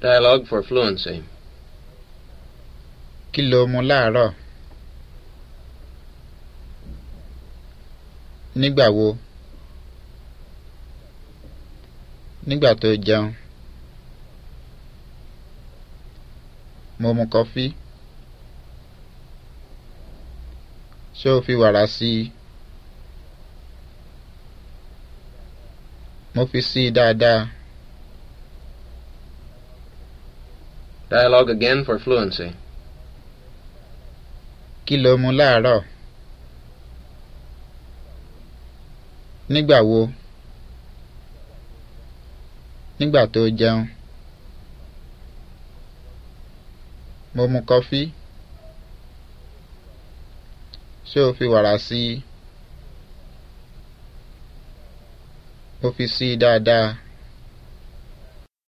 Dialogue for fluency. Kí lo mu láàárọ̀? Nígbà wo? Nígbà tó jẹun. Mo mu kọfí. Ṣé o fi wàrà sí i? Mo fi sí i dáadáa. Dialogue again for fluency. Kí ló mu láàárọ̀? Nígbà wo? Nígbà tó jẹun. Mo mu kọfí. Ṣé o fi wàrà sí i? Mo fi sí i dáadáa.